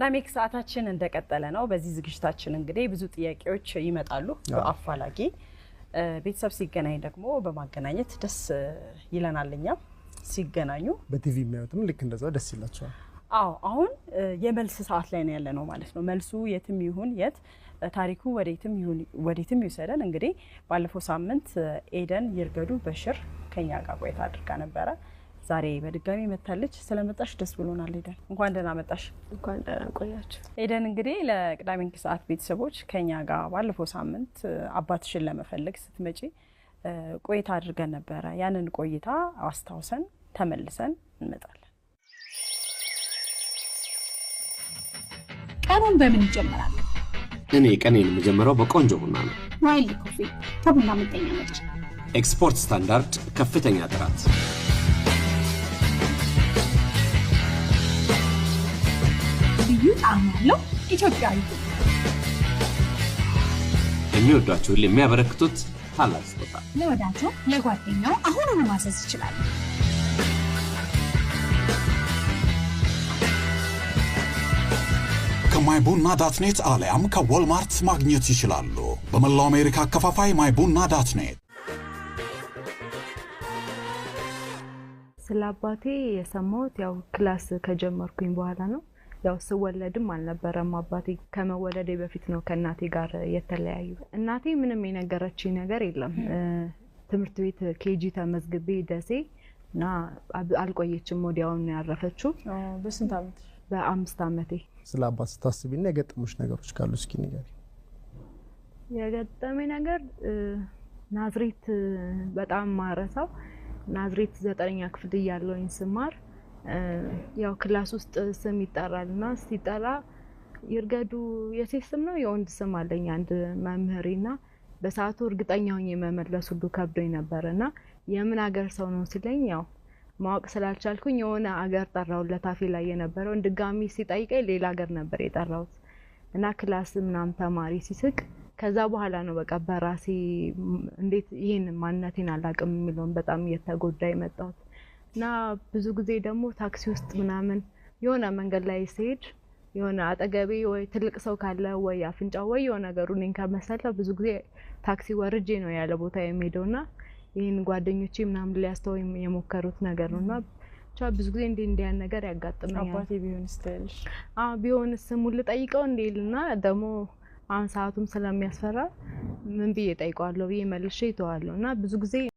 የቅዳሜ ሰዓታችን እንደቀጠለ ነው። በዚህ ዝግጅታችን እንግዲህ ብዙ ጥያቄዎች ይመጣሉ በአፋላጊ ቤተሰብ ሲገናኝ ደግሞ በማገናኘት ደስ ይለናል። እኛም ሲገናኙ በቲቪ የሚያዩትም ልክ እንደዛ ደስ ይላቸዋል። አዎ አሁን የመልስ ሰዓት ላይ ነው ያለ ነው ማለት ነው። መልሱ የትም ይሁን የት ታሪኩ ወዴትም ይሁን ወዴትም ይውሰደን። እንግዲህ ባለፈው ሳምንት ኤደን ይርገዱ በሽር ከኛ ጋር ቆይታ አድርጋ ነበረ። ዛሬ በድጋሚ መታለች። ስለመጣሽ ደስ ብሎናል ኤደን፣ እንኳን ደህና መጣሽ። እንኳን ደህና ቆያችሁ። ኤደን እንግዲህ ለቅዳሜ ከሰዓት ቤተሰቦች ከኛ ጋር ባለፈው ሳምንት አባትሽን ለመፈለግ ስትመጪ ቆይታ አድርገን ነበረ። ያንን ቆይታ አስታውሰን ተመልሰን እንመጣለን። ቀኑን በምን ይጀምራል? እኔ ቀኔን የምጀምረው በቆንጆ ቡና ነው። ሮያል ኮፊ ከቡና መጠኛ ነች። ኤክስፖርት ስታንዳርድ፣ ከፍተኛ ጥራት ብዬ ያለው ኢትዮጵያዊ የሚወዷቸው የሚያበረክቱት ታላቅ ስጦታ ለወዳቸው ለጓደኛው አሁኑኑ ማዘዝ ይችላል። ከማይቡና ዳትኔት አሊያም ከዎልማርት ማግኘት ይችላሉ። በመላው አሜሪካ አከፋፋይ ማይቡና ዳትኔት። ስለ አባቴ የሰማሁት ያው ክላስ ከጀመርኩኝ በኋላ ነው። ያው ስወለድም አልነበረም አባቴ ከመወለዴ በፊት ነው ከእናቴ ጋር የተለያዩ። እናቴ ምንም የነገረችኝ ነገር የለም። ትምህርት ቤት ኬጂ ተመዝግቤ ደሴ እና አልቆየችም፣ ነው ያረፈችው። በስንት ዓመት? በአምስት ዓመቴ። ስለ አባት ስታስቢና የገጠሙሽ ነገሮች ካሉ እስኪ ንገሪ። የገጠመኝ ነገር ናዝሬት በጣም ማረሳው ናዝሬት ዘጠነኛ ክፍል እያለሁኝ ስማር ያው ክላስ ውስጥ ስም ይጠራል እና ሲጠራ ይርገዱ የሴት ስም ነው የወንድ ስም አለኝ አንድ መምህሬ እና በሰዓቱ እርግጠኛ ሆኜ መመለስ ሁሉ ከብዶኝ ነበር እና የምን ሀገር ሰው ነው ሲለኝ ያው ማወቅ ስላልቻልኩኝ የሆነ አገር ጠራው አፌ ላይ የነበረውን ድጋሚ ሲጠይቀኝ ሌላ ሀገር ነበር የጠራሁት እና ክላስ ምናምን ተማሪ ሲስቅ ከዛ በኋላ ነው በቃ በራሴ እንዴት ይህን ማንነቴን አላቅም የሚለውን በጣም እየተጎዳ የመጣሁት። እና ብዙ ጊዜ ደግሞ ታክሲ ውስጥ ምናምን የሆነ መንገድ ላይ ሲሄድ የሆነ አጠገቤ ወይ ትልቅ ሰው ካለ ወይ አፍንጫ ወይ የሆነ ነገሩ እኔን ከመሰለ ብዙ ጊዜ ታክሲ ወርጄ ነው ያለ ቦታ የሚሄደው እና ይህን ጓደኞቼ ምናምን ሊያስተው የሞከሩት ነገር ነው እና ብቻ ብዙ ጊዜ እንዲ እንዲያን ነገር ያጋጥመኛል። አባቴ ቢሆንስ ትያለሽ? አዎ ቢሆንስ ሙሉ ጠይቀው እንዲል እና ደግሞ አሁን ሰዓቱም ስለሚያስፈራ ምን ብዬ ጠይቀዋለሁ ብዬ መልሼ ይተዋለሁ እና ብዙ ጊዜ